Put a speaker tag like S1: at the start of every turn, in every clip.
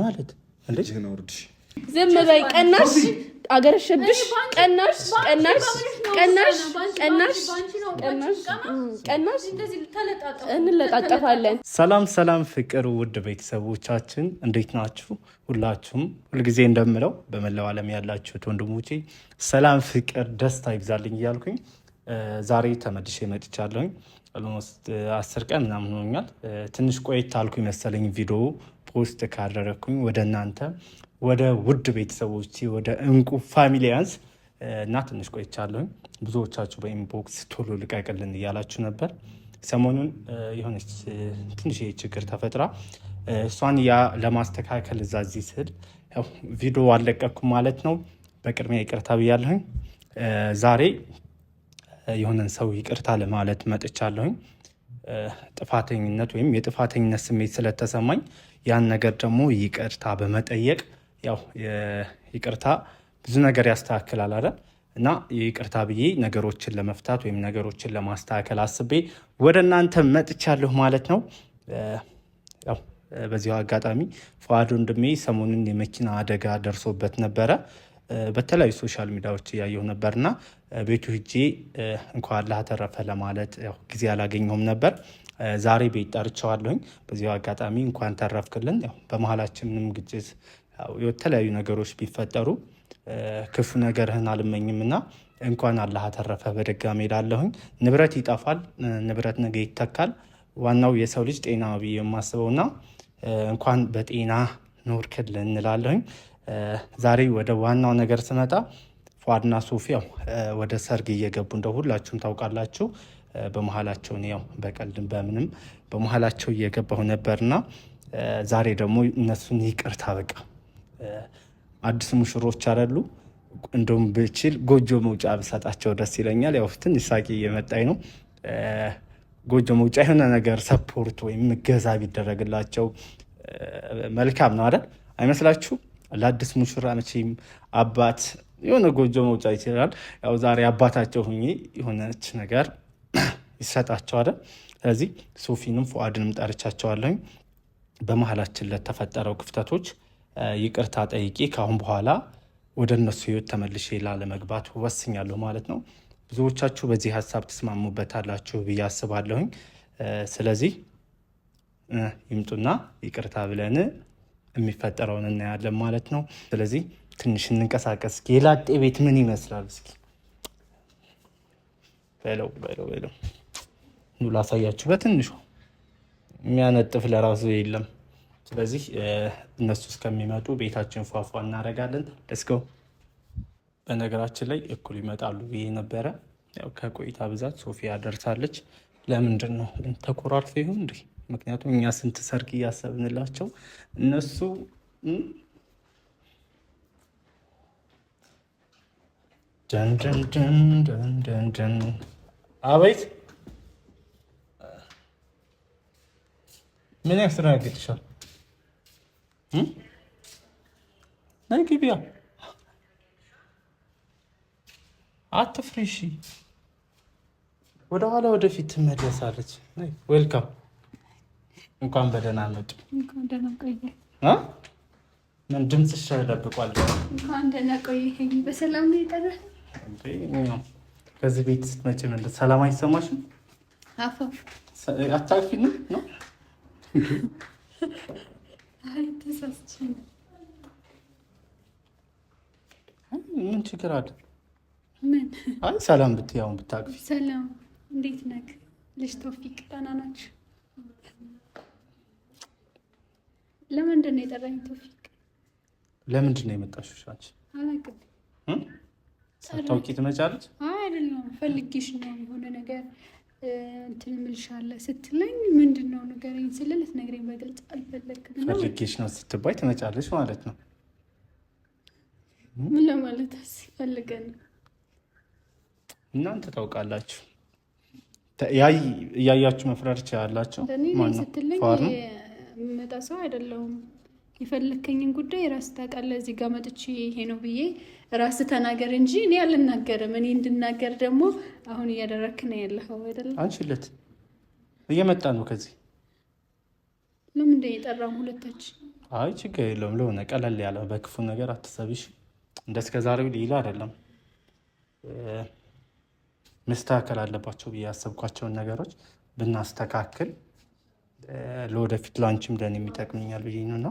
S1: ማለት
S2: እንዴ?
S3: ዝም በይ ቀናሽ፣ አገረሸብሽ። ቀናሽ ቀናሽ ቀናሽ ቀናሽ ቀናሽ እንለጣጠፋለን።
S1: ሰላም ሰላም፣ ፍቅር ውድ ቤተሰቦቻችን እንዴት ናችሁ? ሁላችሁም ሁልጊዜ እንደምለው በመላው ዓለም ያላችሁት ወንድሞቼ ሰላም፣ ፍቅር፣ ደስታ ይብዛልኝ እያልኩኝ ዛሬ ተመልሼ መጥቻለሁኝ። አልሞስት አስር ቀን ምናምን ሆኛል። ትንሽ ቆየት አልኩኝ መሰለኝ ቪዲዮ ውስጥ ካደረግኩኝ ወደ እናንተ ወደ ውድ ቤተሰቦች ወደ እንቁ ፋሚሊያዝ እና ትንሽ ቆይቻለሁኝ። ብዙዎቻችሁ በኢንቦክስ ቶሎ ልቀቅልን እያላችሁ ነበር። ሰሞኑን የሆነች ትንሽ ችግር ተፈጥራ እሷን ያ ለማስተካከል እዛ እዚህ ስል ቪዲዮ አለቀኩ ማለት ነው። በቅድሚያ ይቅርታ ብያለሁኝ። ዛሬ የሆነን ሰው ይቅርታ ለማለት መጥቻለሁኝ። ጥፋተኝነት ወይም የጥፋተኝነት ስሜት ስለተሰማኝ ያን ነገር ደግሞ ይቅርታ በመጠየቅ ያው ይቅርታ ብዙ ነገር ያስተካክላል አይደል? እና ይቅርታ ብዬ ነገሮችን ለመፍታት ወይም ነገሮችን ለማስተካከል አስቤ ወደ እናንተ መጥቻለሁ ማለት ነው። ያው በዚሁ አጋጣሚ ፉአድ ወንድሜ ሰሞኑን የመኪና አደጋ ደርሶበት ነበረ። በተለያዩ ሶሻል ሚዲያዎች እያየሁ ነበርና ቤቱ ሂጄ እንኳን አላህ ተረፈ ለማለት ጊዜ አላገኘሁም ነበር። ዛሬ ቤት ጠርቸዋለሁኝ። በዚሁ አጋጣሚ እንኳን ተረፍክልን። በመሀላችን ምንም ግጭት፣ የተለያዩ ነገሮች ቢፈጠሩ ክፉ ነገርህን አልመኝም እና እንኳን አላህ ተረፈ በድጋሚ እላለሁኝ። ንብረት ይጠፋል፣ ንብረት ነገ ይተካል። ዋናው የሰው ልጅ ጤና ብዬ የማስበውና እንኳን በጤና ኖርክልን እንላለሁኝ። ዛሬ ወደ ዋናው ነገር ስመጣ ፏድና ሶፊ ያው ወደ ሰርግ እየገቡ እንደ ሁላችሁም ታውቃላችሁ። በመሀላቸው ያው በቀልድም በምንም በመሀላቸው እየገባሁ ነበርና ዛሬ ደግሞ እነሱን ይቅርታ በቃ አዲስ ሙሽሮች አደሉ። እንደውም ብችል ጎጆ መውጫ ብሰጣቸው ደስ ይለኛል። ያው ትንሽ ሳቂ እየመጣኝ ነው። ጎጆ መውጫ የሆነ ነገር ሰፖርት ወይም እገዛ ቢደረግላቸው መልካም ነው አይደል? አይመስላችሁ? ለአዲስ ሙሽራ መቼም አባት የሆነ ጎጆ መውጫ ይችላል። ያው ዛሬ አባታቸው ሁኜ የሆነች ነገር ይሰጣቸዋል። ስለዚህ ሶፊንም ፉአድንም ጠርቻቸዋለኝ። በመሀላችን ለተፈጠረው ክፍተቶች ይቅርታ ጠይቄ ከአሁን በኋላ ወደ እነሱ ህይወት ተመልሼ ላለመግባት ወስኛለሁ ማለት ነው። ብዙዎቻችሁ በዚህ ሀሳብ ትስማሙበታላችሁ ብዬ አስባለሁኝ። ስለዚህ ይምጡና ይቅርታ ብለን የሚፈጠረውን እናያለን ማለት ነው። ስለዚህ ትንሽ እንንቀሳቀስ። የላጤ ቤት ምን ይመስላል? እስኪ በለው በለው በለው ኑ ላሳያችሁ። በትንሹ የሚያነጥፍ ለራሱ የለም። ስለዚህ እነሱ እስከሚመጡ ቤታችን ፏፏ እናደርጋለን። እስከው በነገራችን ላይ እኩል ይመጣሉ ብዬ ነበረ። ያው ከቆይታ ብዛት ሶፊያ ደርሳለች። ለምንድን ነው ተኮራርፈ ይሁን እንዲህ ምክንያቱም እኛ ስንት ሰርግ እያሰብንላቸው እነሱ ደንደንደንደንደን አቤት ምን ያስተናግድሻል? ናይ ግቢያ አትፍሪሺ። ወደኋላ ወደፊት ትመለሳለች። ዌልካም እንኳን በደህና መጡ። ምን ድምፅሽ ለብቋል?
S3: እንኳን ደህና ቆየህ። በሰላም ነው የጠራህ?
S1: ከዚህ ቤት ስትመጪ ምን ሰላም አይሰማሽም? አታፊ ነው? ምን ችግር አለ? አይ ሰላም ብትይ አሁን ብታቅፊ።
S3: ሰላም እንዴት ነህ? ልጅ ቶፊቅ ደህና ናችሁ? ለምንድን ነው የጠራኝ? ቶፊቅ
S1: ለምንድን ነው የመጣሽው? አንቺ አላውቅም። ሳታውቂ ትመጫለች?
S3: አይደለም ፈልጌሽ ነው የሆነ ነገር እንትን እምልሻለሁ ስትለኝ ምንድን ነው ንገረኝ ስልል ልትነግረኝ በግልጽ አልፈለግም።
S1: ፈልጌሽ ነው ስትባይ ትመጫለች ማለት ነው።
S3: ምን ለማለት አስፈልገን
S1: እናንተ ታውቃላችሁ። እያያችሁ መፍረር ይችላላችሁ
S3: ስትለኝ የምመጣ ሰው አይደለሁም። የፈለከኝን ጉዳይ ራስ ታውቃለህ። እዚህ ጋር መጥቼ ይሄ ነው ብዬ ራስ ተናገር እንጂ እኔ አልናገርም። እኔ እንድናገር ደግሞ አሁን እያደረክ ነው ያለኸው አይደለም።
S1: አንችለት እየመጣ ነው ከዚህ
S3: ለምንድን የጠራም ሁለታች?
S1: አይ ችግር የለውም። ለሆነ ቀለል ያለ በክፉ ነገር አትሰብሽ። እንደ እስከ ዛሬው ሌላ አይደለም። መስተካከል አለባቸው ብዬ ያሰብኳቸውን ነገሮች ብናስተካክል ለወደፊት ላንቺም ለእኔ የሚጠቅመኛል ብዬ ነው እና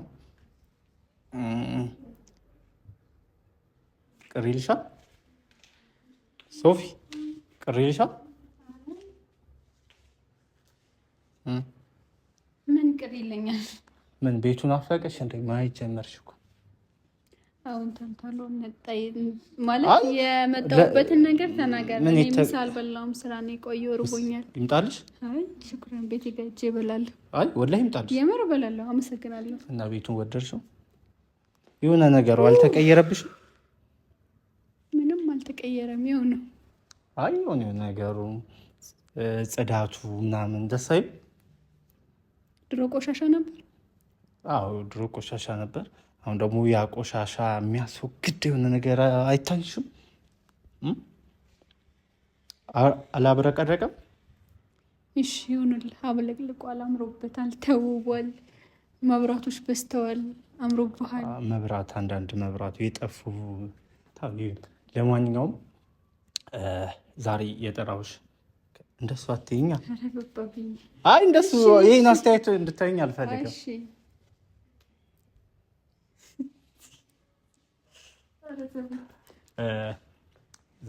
S1: ቅር ይልሻል ሶፊ፣ ቅር ይልሻል?
S3: ምን ቅር ይለኛል?
S1: ምን ቤቱን አፈቀሽ እንደ ማየት ጀመርሽ እኮ
S3: አሁን ተንታሎ ማለት የመጣሁበትን ነገር ተናገር። ምሳ አልበላሁም፣ ስራ ነው የቆየሁ፣ እርቦኛል። ይምጣልሽ። አይ ሽኩራን ቤት ጋር እበላለሁ።
S1: አይ ወላሂ ይምጣልሽ፣
S3: የምር እበላለሁ። አመሰግናለሁ።
S1: እና ቤቱን ወደድሽው? የሆነ ነገሩ አልተቀየረብሽም?
S3: ምንም አልተቀየረም፣ ይኸው ነው።
S1: አይ የሆነ ነገሩ ጽዳቱ ምናምን ደስ አይልም።
S3: ድሮ ቆሻሻ ነበር።
S1: አዎ ድሮ ቆሻሻ ነበር። አሁን ደግሞ ያ ቆሻሻ የሚያስወግድ የሆነ ነገር አይታይሽም? አላብረቀረቀም?
S3: እሺ ይሁንልህ። አብለቅልቋል፣ አምሮበታል፣ ተውቧል። መብራቶች በስተዋል፣ አምሮብሃል።
S1: መብራት አንዳንድ መብራቱ የጠፉ ለማንኛውም ዛሬ የጠራሁሽ እንደሱ አትይኛ። አይ እንደሱ ይህን አስተያየት እንድታይኝ አልፈልግም።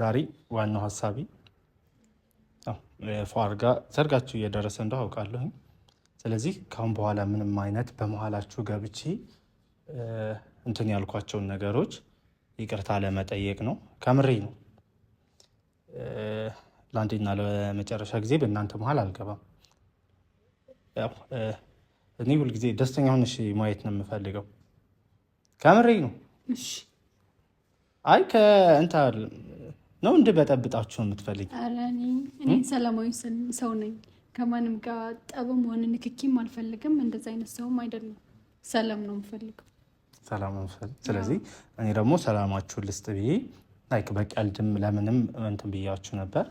S1: ዛሬ ዋናው ሀሳቢ ፏር ጋር ሰርጋችሁ እየደረሰ እንደው አውቃለሁ። ስለዚህ ካሁን በኋላ ምንም አይነት በመሀላችሁ ገብቼ እንትን ያልኳቸውን ነገሮች ይቅርታ ለመጠየቅ ነው። ከምሬ ነው። ለአንዴና ለመጨረሻ ጊዜ በእናንተ መሀል አልገባም። እኔ ሁልጊዜ ደስተኛ ሆነሽ ማየት ነው የምፈልገው። ከምሬ ነው። አይ ከእንት ከእንታ ነው እንደ በጠብጣችሁ የምትፈልጊ?
S3: እኔ ሰላማዊ ሰው ነኝ። ከማንም ጋር ጠብም ሆነ ንክኪም አልፈልግም። እንደዚ አይነት ሰውም አይደለም። ሰላም ነው የምፈልገው።
S1: ሰላም ነው። ስለዚህ እኔ ደግሞ ሰላማችሁን ልስጥ ብዬ ላይክ በቀልድም ለምንም እንትን ብያችሁ ነበር።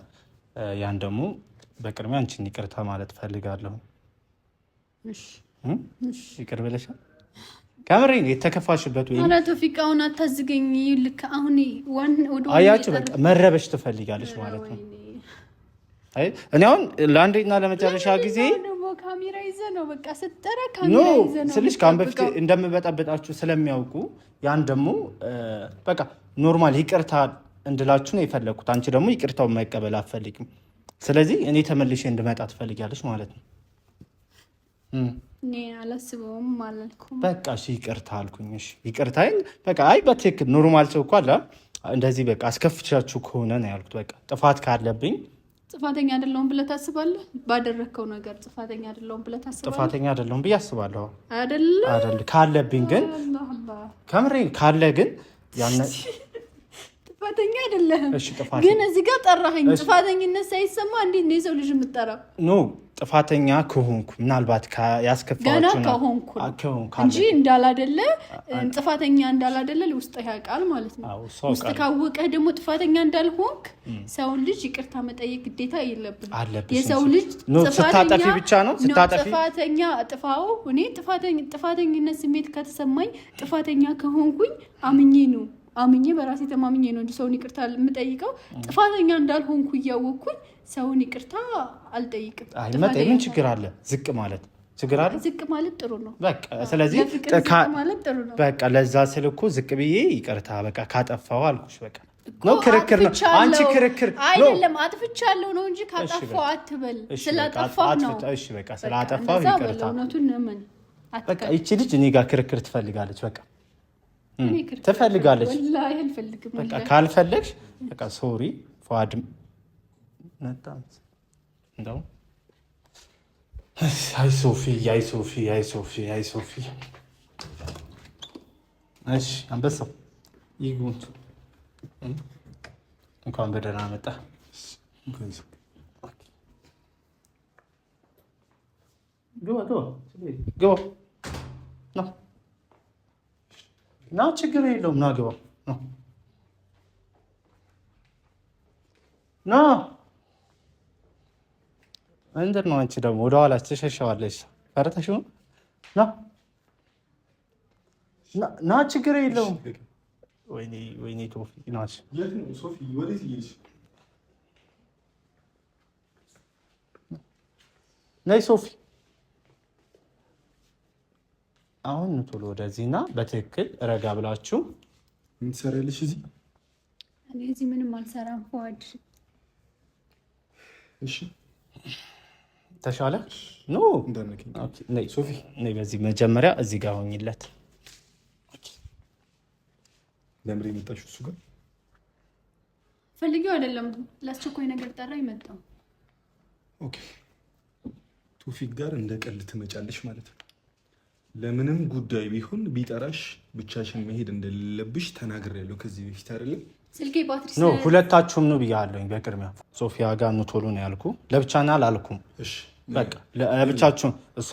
S1: ያን ደግሞ በቅድሚያ አንቺን ይቅርታ ማለት ፈልጋለሁ። ይቅር ብለሻል። ከምሬ ነው የተከፋሽበት ወይ
S3: አላ ቶፊቅ አሁን አታዝገኝ ልክ አሁን
S1: አያችሁ በቃ መረበሽ ትፈልጋለች ማለት ነው እኔ አሁን ለአንዴና ለመጨረሻ ጊዜ
S3: ካሜራ ይዘህ ነው በቃ ስጠረ ካሜራ ይዘህ ነው
S1: ስልሽ ከአሁን በፊት እንደምበጣበጣችሁ ስለሚያውቁ ያን ደግሞ በቃ ኖርማል ይቅርታ እንድላችሁ ነው የፈለግኩት አንቺ ደግሞ ይቅርታውን መቀበል አትፈልግም ስለዚህ እኔ ተመልሼ እንድመጣ ትፈልጊያለሽ ማለት ነው
S3: አላስበውም አላልኩም።
S1: በቃ እሺ ይቅርታ አልኩኝ። እሺ ይቅርታ በቃ አይ በትክክል ኖርማል ሰው እኮ አለ እንደዚህ በቃ አስከፍቻችሁ ከሆነ ነው ያልኩት። በቃ ጥፋት ካለብኝ
S3: ጥፋተኛ አይደለሁም ብለህ ታስባለህ? ባደረግከው ነገር ጥፋተኛ አይደለሁም ብለህ ታስባለህ?
S1: ጥፋተኛ አይደለሁም ብዬ አስባለሁ።
S3: አይደለ
S1: ካለብኝ ግን ከምሬ ካለ ግን
S3: ጥፋተኛ አይደለህም፣ ግን እዚህ ጋር ጠራኸኝ። ጥፋተኝነት ሳይሰማ እንዴት ነው የሰው ልጅ የምጠራው?
S1: ኖ ጥፋተኛ ከሆንኩ ምናልባት ያስከፋገና
S3: እንጂ እንዳላደለ ጥፋተኛ እንዳላደለ ውስጥ ያውቃል ማለት
S1: ነው። ውስጥ
S3: ካወቀህ ደግሞ ጥፋተኛ እንዳልሆንክ ሰውን ልጅ ይቅርታ መጠየቅ ግዴታ የለብን። የሰው ልጅ
S1: ስታጠፊ ብቻ ነው
S3: ጥፋተኛ ጥፋው። እኔ ጥፋተኝነት ስሜት ከተሰማኝ ጥፋተኛ ከሆንኩኝ አምኜ ነው አምኜ በራሴ ተማምኜ ነው እንጂ ሰውን ይቅርታ የምጠይቀው። ጥፋተኛ እንዳልሆንኩ እያወቅኩኝ ሰውን ይቅርታ አልጠይቅም።
S1: መጠየቅ ችግር አለ፣ ዝቅ ማለት ችግር አለ፣
S3: ዝቅ ማለት ጥሩ ነው።
S1: ስለዚህ በቃ ለዛ ስል እኮ ዝቅ ብዬ ይቅርታ በቃ ካጠፋው አልኩሽ በቃ ነው ክርክር ነው። አንቺ ክርክር
S3: አይደለም አጥፍቻለሁ ነው እንጂ ካጠፋው አትበል።
S1: ስላጠፋው ነው። እሺ በቃ ስላጠፋው ይቅርታ። በቃ ይቺ ልጅ እኔ ጋር ክርክር ትፈልጋለች በቃ ትፈልጋለች። ካልፈለግሽ ሶሪ ፏድ እንደው
S2: አይ ሶፊ አይ ሶፊ አይ ሶፊ አይ ሶፊ።
S1: እሺ አንበሳው እንኳን በደህና መጣ። ግባ ግባ ግባ ና ችግር የለውም ና ግባ ና ምንድን ነው አንቺ ደግሞ ወደ ኋላ ትሸሸዋለች ፈረተሽ ና ና ችግር የለውም ወይኔ ወይኔ ቶፊቅ ናች ነይ ሶፊ አሁን ቶሎ ወደዚህና በትክክል ረጋ ብላችሁ
S2: ምን ትሰሪያለሽ? እዚህ
S3: እኔ እዚህ ምንም አልሰራም። ፎድ
S2: እሺ፣
S1: ተሻለ ኖ ሶፊ፣ በዚህ መጀመሪያ እዚህ ጋር ሆኝለት።
S2: ለምሬ የመጣሽው እሱ ጋር
S3: ፈልጌው አይደለም፣ ለአስቸኳይ ነገር ጠራ ይመጣው።
S2: ኦኬ፣ ጋር እንደ ቀልድ ትመጫለሽ ማለት ነው ለምንም ጉዳይ ቢሆን ቢጠራሽ ብቻሽን መሄድ እንደሌለብሽ ተናግሬያለሁ። ከዚህ በፊት አይደለም
S3: ስልኬ ባትሪ ነው።
S1: ሁለታችሁም ነው ብያለሁኝ። በቅድሚያ ሶፊያ ጋር ኑ ቶሎ ነው ያልኩ፣ ለብቻና አላልኩም። ለብቻችሁም እሷ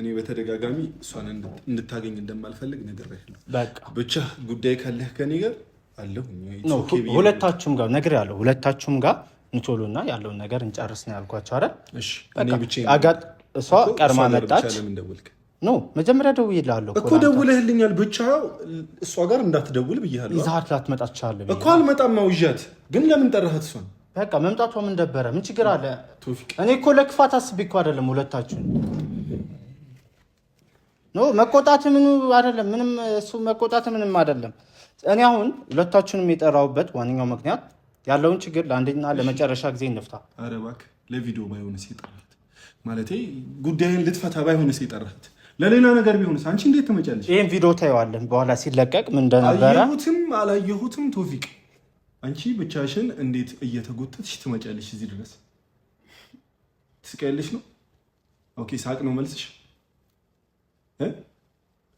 S2: እኔ በተደጋጋሚ እሷን እንድታገኝ እንደማልፈልግ ነግሬያለሁ። በቃ ብቻ ጉዳይ ካለህ ከኔ ጋር አለሁ።
S1: ሁለታችሁም ጋር ነግሬያለሁ። ሁለታችሁም ጋር ኑ ቶሎ እና ያለውን ነገር እንጨርስ ነው ያልኳቸው አረ እሷ ቀርማ መጣች። ነው መጀመሪያ ደውዬልሃለሁ እኮ
S2: ደውለህልኛል። ብቻ እሷ ጋር እንዳትደውል ብያለሁ።
S1: ይዛት ላትመጣ ትችላለህ
S2: እኮ አልመጣም። ውዣት ግን ለምን ጠራኸት? እሷን
S1: በቃ መምጣቷ ምን ደበረ? ምን ችግር አለ? እኔ እኮ ለክፋት አስቤ እኮ አይደለም። ሁለታችሁን መቆጣት ምኑ አይደለም። ምንም እሱ መቆጣት ምንም አይደለም። እኔ አሁን ሁለታችሁንም የጠራሁበት ዋነኛው ምክንያት ያለውን ችግር ለአንደኛ ለመጨረሻ ጊዜ እንፍታ።
S2: ኧረ እባክህ ለቪዲዮ ባይሆንስ የጠራኸት ማለቴ ጉዳይን ልትፈታ ባይሆንስ የጠራኸት ለሌላ ነገር ቢሆንስ አንቺ እንዴት ትመጫለሽ?
S1: ይህን ቪዲዮ ታየዋለን በኋላ ሲለቀቅ ምን እንደነበረ
S2: አየሁትም አላየሁትም። ቶፊቅ አንቺ ብቻሽን እንዴት እየተጎተትሽ ትመጫለሽ? እዚህ ድረስ ትስቀያለሽ ነው። ኦኬ ሳቅ ነው መልስሽ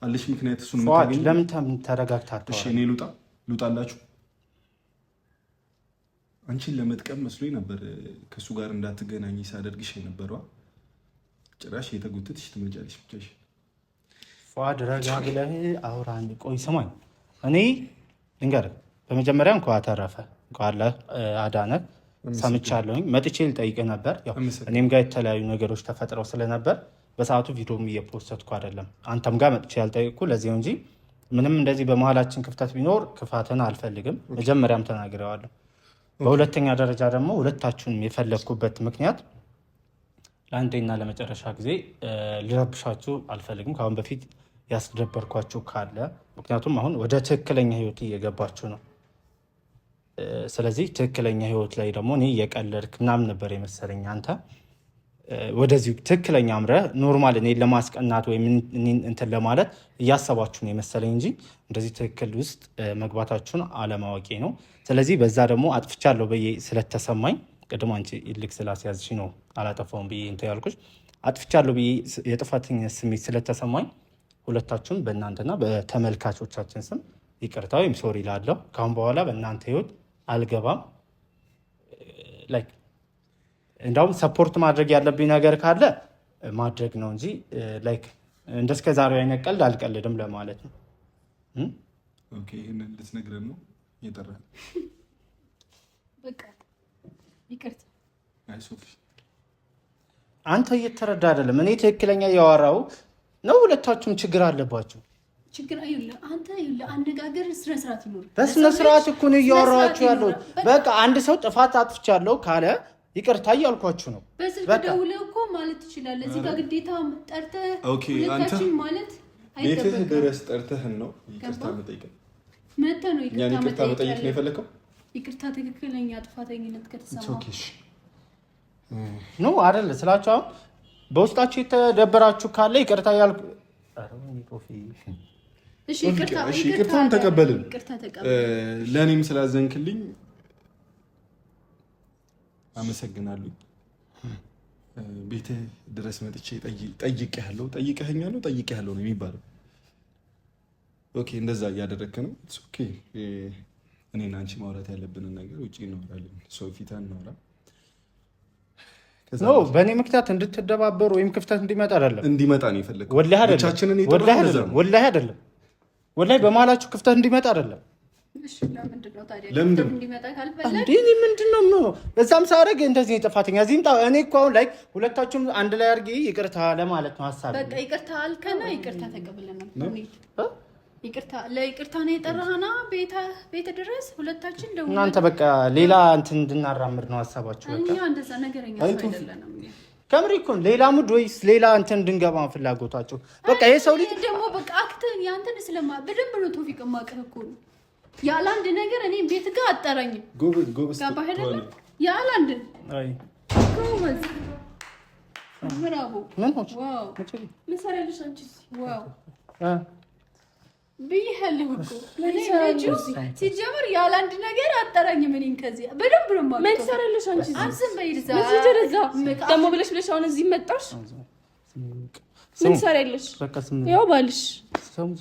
S2: አለሽ ምክንያት እሱን
S1: የምታገኝ ለምን ተረጋግታለሽ?
S2: እኔ ልውጣ ልውጣላችሁ አንቺን ለመጥቀም መስሎኝ ነበር። ከእሱ ጋር እንዳትገናኝ ሳደርግሽ የነበረዋ ጭራሽ የተጎተትሽ ትመጫለሽ ብቻሽ
S1: ፏድ ረጋ ብለህ አውራ። ቆይ ስማኝ፣ እኔ በመጀመሪያ እንኳ አዳነ ሰምቻለሁኝ። መጥቼ ልጠይቅህ ነበር። እኔም ጋር የተለያዩ ነገሮች ተፈጥረው ስለነበር በሰዓቱ ቪዲዮም እየፖስተትኩ አይደለም። አንተም ጋር መጥቼ ያልጠይቅኩ ለዚው እንጂ ምንም እንደዚህ በመሀላችን ክፍተት ቢኖር ክፋትን አልፈልግም። መጀመሪያም ተናግረዋለሁ በሁለተኛ ደረጃ ደግሞ ሁለታችሁንም የፈለግኩበት ምክንያት ለአንዴና ለመጨረሻ ጊዜ ልረብሻችሁ አልፈልግም። ከአሁን በፊት ያስደበርኳችሁ ካለ ምክንያቱም አሁን ወደ ትክክለኛ ህይወት እየገባችሁ ነው። ስለዚህ ትክክለኛ ህይወት ላይ ደግሞ እኔ እየቀለድክ ምናምን ነበር የመሰለኝ አንተ ወደዚሁ ትክክለኛ አምረህ ኖርማል እኔ ለማስቀናት ወይም እንትን ለማለት እያሰባችሁ ነው የመሰለኝ እንጂ እንደዚህ ትክክል ውስጥ መግባታችሁን አለማወቄ ነው። ስለዚህ በዛ ደግሞ አጥፍቻለሁ ብዬ ስለተሰማኝ ቅድም አንቺ ይልቅ ስላስያዝሽ ነው አላጠፋውም ብዬ እንትን ያልኩሽ አጥፍቻለሁ ብዬ የጥፋተኝነት ስሜት ስለተሰማኝ ሁለታችሁን በእናንተና በተመልካቾቻችን ስም ይቅርታ ወይም ሶሪ ላለው ካሁን በኋላ በእናንተ ህይወት አልገባም። እንዲሁም ሰፖርት ማድረግ ያለብኝ ነገር ካለ ማድረግ ነው እንጂ ላይክ እንደስከ ዛሬው አይነት ቀልድ አልቀልድም ለማለት ነው።
S2: ይህንን ልትነግረን ነው የጠራን።
S1: አንተ እየተረዳ አይደለም። እኔ ትክክለኛ እያወራው ነው ሁለታችሁም ችግር አለባችሁ? አነጋገር በስነ ስርዓት እኮ ነው እያወራኋችሁ ያለው። በቃ አንድ ሰው ጥፋት አጥፍቻለሁ ካለ ይቅርታ እያልኳችሁ ነው።
S3: በስልክ ደውለህ እኮ ማለት ትችላለህ። እዚህ ጋር ግዴታ ጠርተህ
S2: ሁለታችን ማለት ቤትህ ድረስ ጠርተህን ነው ይቅርታ መጠየቅ
S3: መተህ ነው ይቅርታ
S2: መጠየቅ ነው የፈለከው።
S3: ይቅርታ ትክክለኛ ጥፋተኝነት ከተሰማ
S1: አሁን በውስጣችሁ የተደበራችሁ ካለ ይቅርታ ያልኩ
S2: ይቅርታን ተቀበልን። ለእኔም ስላዘንክልኝ አመሰግናለሁ። ቤትህ ድረስ መጥቼ ጠይቅ ያለው ጠይቄሃለሁ፣ ጠይቅ ያለው ነው የሚባለው። ኦኬ፣ እንደዛ እያደረግክ ነው። እኔና አንቺ ማውራት ያለብንን ነገር ውጭ እናወራለን፣ ሰው ፊታ እናወራ
S1: ነው በእኔ ምክንያት እንድትደባበሩ ወይም ክፍተት እንዲመጣ አይደለም፣
S2: እንዲመጣ ነው የፈለግነው። ወላሂ አይደለም፣
S1: ወላሂ አይደለም፣ ወላሂ በመሀላችሁ ክፍተት እንዲመጣ አይደለም። ለምንድን ምንድን ነው እዛም ሳደርግ እንደዚህ ጥፋተኛ እዚህም እኔ እኮ አሁን ላይ ሁለታችሁም አንድ ላይ አድርጌ ይቅርታ ለማለት ነው ሀሳብ ይቅርታ
S3: ይቅርታ አልከና ይቅርታ ለይቅርታ ነው የጠራህና ቤተ ድረስ ሁለታችን ደውለን
S1: እናንተ በቃ ሌላ እንትን እንድናራምድ ነው ሀሳባችሁ። በቃ
S3: እንደዛ ነገረኛ
S1: ከምሪ እኮ ሌላ ሙድ ወይስ ሌላ እንትን እንድንገባ ፍላጎታችሁ? በቃ የሰው ልጅ
S3: ደግሞ በቃ አክትን ያንተን ስለማ በደንብ ነው ቶፊቅ ማቅህ እኮ ያለ አንድ ነገር እኔ ቤት ጋር አጠራኝም። ጎበዝ ጎበዝ ጋባ ሄደለ ያለ አንድ አይ ጎበዝ ብራቦ
S1: ምን ሆነ? ዋው
S3: ምን ሰራልሽ አንቺ? ዋው ብይህልህ እኮ ሲጀምር ያለ አንድ ነገር አጠራኝ። ምንም ከዚህ በደንብ ነው ምን ሰራለሽ አንቺ? አንስም በይዛ እዚህ ደረጃ ደግሞ ብለሽ ብለሽ አሁን እዚህ መጣሽ። ምን ሰራለሽ? ያው ባልሽ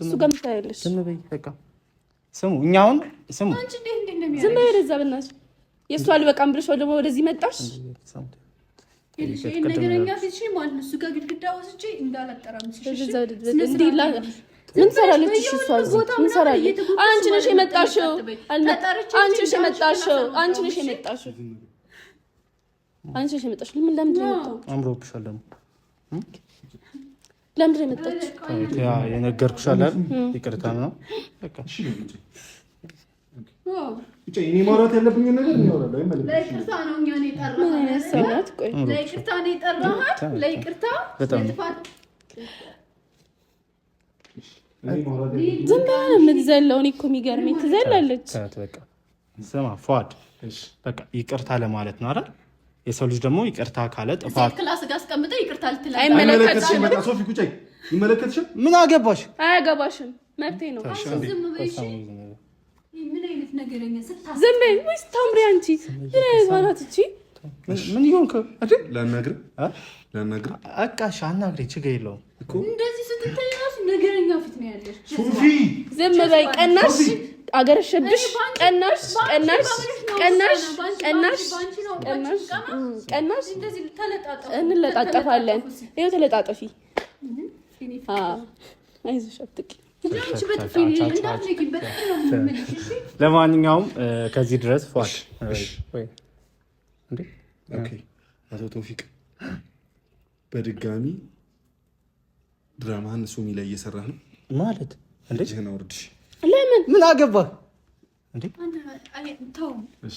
S3: እሱ ጋር ምን ዝም
S1: በይ በቃ። ስሙ እኛ አሁን ስሙ
S3: አንቺ እንዴት እንዴት ነው ዝም በይ ደዛ በእናትሽ። የእሱ አልበቃም ብለሽ ደግሞ ወደዚህ መጣሽ። ነገረኛ ፊትሽ ማለት ነው እሱ ጋር ግድግዳ ወስጄ እንዳላጠራም ስልሽ ምን ትሰራለች? እሺ እሷ እዚህ ምን ትሰራለች? አንቺ ነሽ የመጣሽው። አንቺ ነሽ የመጣሽው። አንቺ ነሽ የመጣሽው። አንቺ ነሽ የመጣሽው። ለምን ነው
S1: አምሮብሻል? ያ የነገርኩሽ አለ ይቅርታ ነው
S2: በቃ እሺ። ብቻ ማውራት ያለብኝ ነገር ነው።
S3: ለይቅርታ ነው እኛ ነው ቆይ ለይቅርታ ነው ለይቅርታ በጣም ዝም ብላ የምትዘለው። እኔ እኮ የሚገርመኝ ትዘላለች።
S1: ስማ ፏድ፣ በቃ ይቅርታ ለማለት ነው አይደል? የሰው ልጅ ደግሞ ይቅርታ ካለ
S3: ጥፋት ክላስ ጋር ይቅርታ ምን አገባሽ? አያገባሽም። መብቴ ነው። ዝም በይ ወይስ ታምሪ አንቺ። ምን አይነት እቺ
S1: ምን
S2: ለነግር ለነግር
S1: አናግሬ ችግር የለውም
S3: እንደዚህ ስትታይ ነገረኛ ፊት ነው ያለሽ። ዝም በይ ቀናሽ፣ አገረሸብሽ። ቀናሽ ቀናሽ ቀናሽ ቀናሽ ቀናሽ። እንለጣጠፋለን። ይኸው ተለጣጠፊ። አይዞሽ አትቂ
S1: ለማንኛውም ከዚህ ድረስ ፏል
S2: አቶ ቶፊቅ በድጋሚ ድራማህን ሱሚ ላይ እየሰራህ ነው
S1: ማለት ለምን ምን አገባ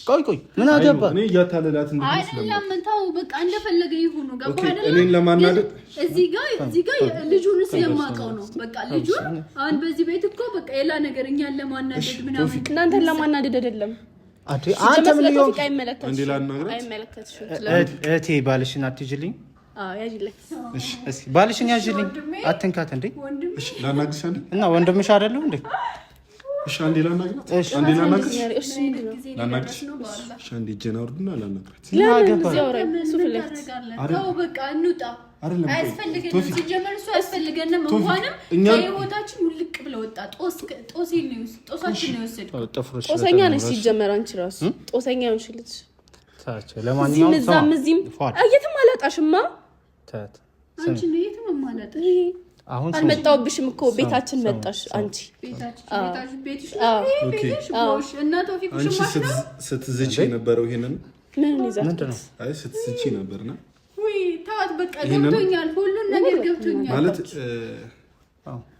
S1: ቆይ ቆይ ምን አገባ እኔ
S2: እያታለላት
S3: ተው በቃ እንደፈለገ ይሁኑ
S2: እኔን ለማናደድ
S3: እዚህ ጋ እዚህ ጋ ልጁን ስለማውቀው ነው በቃ ልጁን አሁን በዚህ ቤት እኮ በቃ ሌላ ነገር እኛን ለማናደድ ምናምን እናንተን ለማናደድ አይደለም
S1: አንተ ምን ሆንክ እህቴ ባልሽን ባልሽን ያዥልኝ፣ አትንካት። እንዴ እና ወንድምሽ አይደለሁ እንዴ? ለማንኛውም እዚህም
S3: እዛም እዚህም የትም አላጣሽማ አሁን አልመጣሁብሽም እኮ ቤታችን መጣሽ። አንቺ ስትዝቺ ነበረው ይሄንን ምን ይዛችሁ ስትዝቺ ነበርና ተዋት፣ በቃ ገብቶኛል፣ ሁሉን ነገር ገብቶኛል ማለት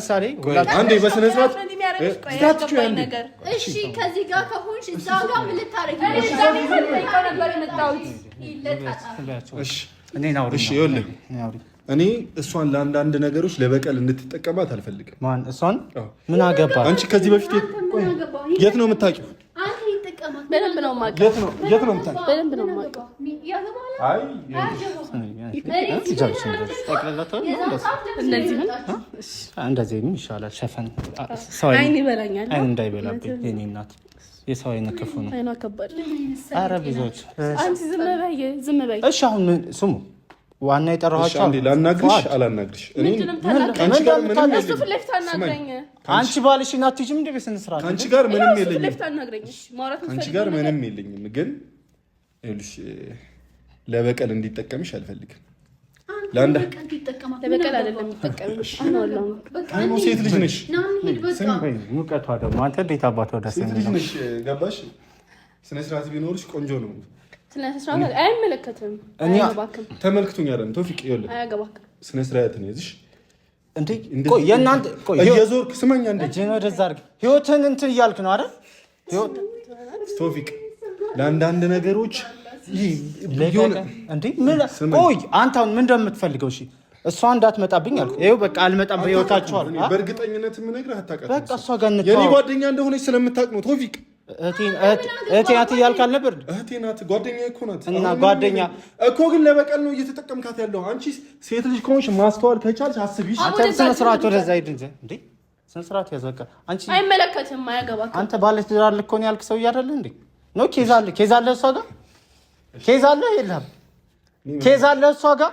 S3: ለምሳሌ አንዴ በስነ ስርዓት እሺ፣ ከዚህ ጋር ከሆንሽ እዛ ጋር ምን ልታረጊ ነው? እኔ እሷን ለአንዳንድ ነገሮች ለበቀል እንድትጠቀማት አልፈልግም። ማን እሷን? ምን አገባ? አንቺ ከዚህ በፊት የት ነው የምታውቂው? በደንብ ነው የማውቀው። የት ነው የት ነው የምታውቂው? ይሻላል። ሸፈን እንዳይበላብኝ የእኔ እናት የሰው አይነት ክፉ ነው። አይኗ ከባድ። ኧረ ብዙዎች አንቺ ዝም በይ ዝም በይ። እሺ አሁን ስሙ ዋና የጠራኋቸው ላናግርሽ አላናግርሽ አንቺ ባልሽ እና አትሄጂም እንደ ቤት ስንስራት ከአንቺ ጋር ምንም የለኝም። ከአንቺ ጋር ምንም የለኝም፣ ግን ይኸውልሽ ለበቀል እንዲጠቀምሽ አልፈልግም። ሴት ልጅ ነሽ። ሙቀቷ ደግሞ አንተ እንዴት አባት ወደ ገባሽ? ስነስርዓት ቢኖርሽ ቆንጆ ነው። አይመለከትም። ተመልክቶኝ አይደለም ቶፊቅ፣ ይኸውልህ ስነ ስርዓት ነው የዚህ እየዞርክ ስመኛ ወደዛ አድርግ። ህይወትን እንትን እያልክ ነው አይደል? ቶፊቅ፣ ለአንዳንድ ነገሮች ቆይ አንተ አሁን ምን እንደምትፈልገው እሺ እሷ እንዳትመጣብኝ አልኩ። ይኸው በቃ አልመጣም። በህይወታቸዋል በእርግጠኝነት የምነግርህ አታውቃትም። በቃ እሷ ጋር ጓደኛ እንደሆነች ስለምታውቅ ነው ቶፊቅ እህቴ ናት እያልክ አልነበር? እህቴ ናት፣ ጓደኛ እኮ ናት። እና ጓደኛ እኮ ግን ለበቀል ነው እየተጠቀምካት ያለው። አንቺ ሴት ልጅ ከሆንሽ ማስተዋል ከቻልሽ አስቢ። ስነ ስርዓት ወደዛ ሂድ እንጂ እንዴ! ስነ ስርዓት ያዝ። በቃ አንቺ አይመለከትም፣ አያገባም። አንተ ባለ ትዳር ልክ ሆነ ያልክ ሰው እያደለ እንዴ ነው? ኬዝ አለ፣ ኬዝ አለ፣ እሷ ጋር ኬዝ አለ፣ የለህም ኬዝ አለ እሷ ጋር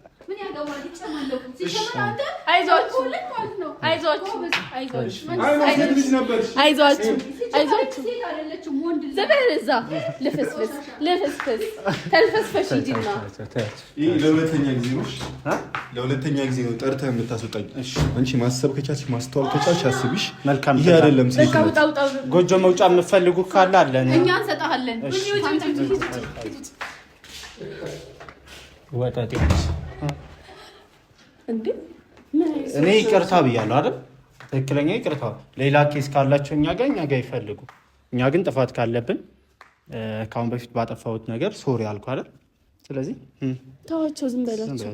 S3: ምን ያገባል? ይጨማለቁ ሲሸመናንተ ለሁለተኛ ጊዜ ነው፣ ለሁለተኛ ጊዜ የምታስወጣኝ። አንቺ ማሰብ ከቻልሽ ማስተዋል ከቻልሽ አስቢሽ። መልካም ይሄ አይደለም። ጎጆ መውጫ የምፈልጉ ካለ አለን፣ እኛ እንሰጣለን። እኔ ይቅርታ ብያለሁ አይደል? ትክክለኛ ይቅርታ። ሌላ ኬስ ካላቸው እኛ ጋር እኛ ጋር ይፈልጉ። እኛ ግን ጥፋት ካለብን ከአሁን በፊት ባጠፋሁት ነገር ሶሪ አልኩ አይደል? ስለዚህ ተዋቸው፣ ዝም በላቸው።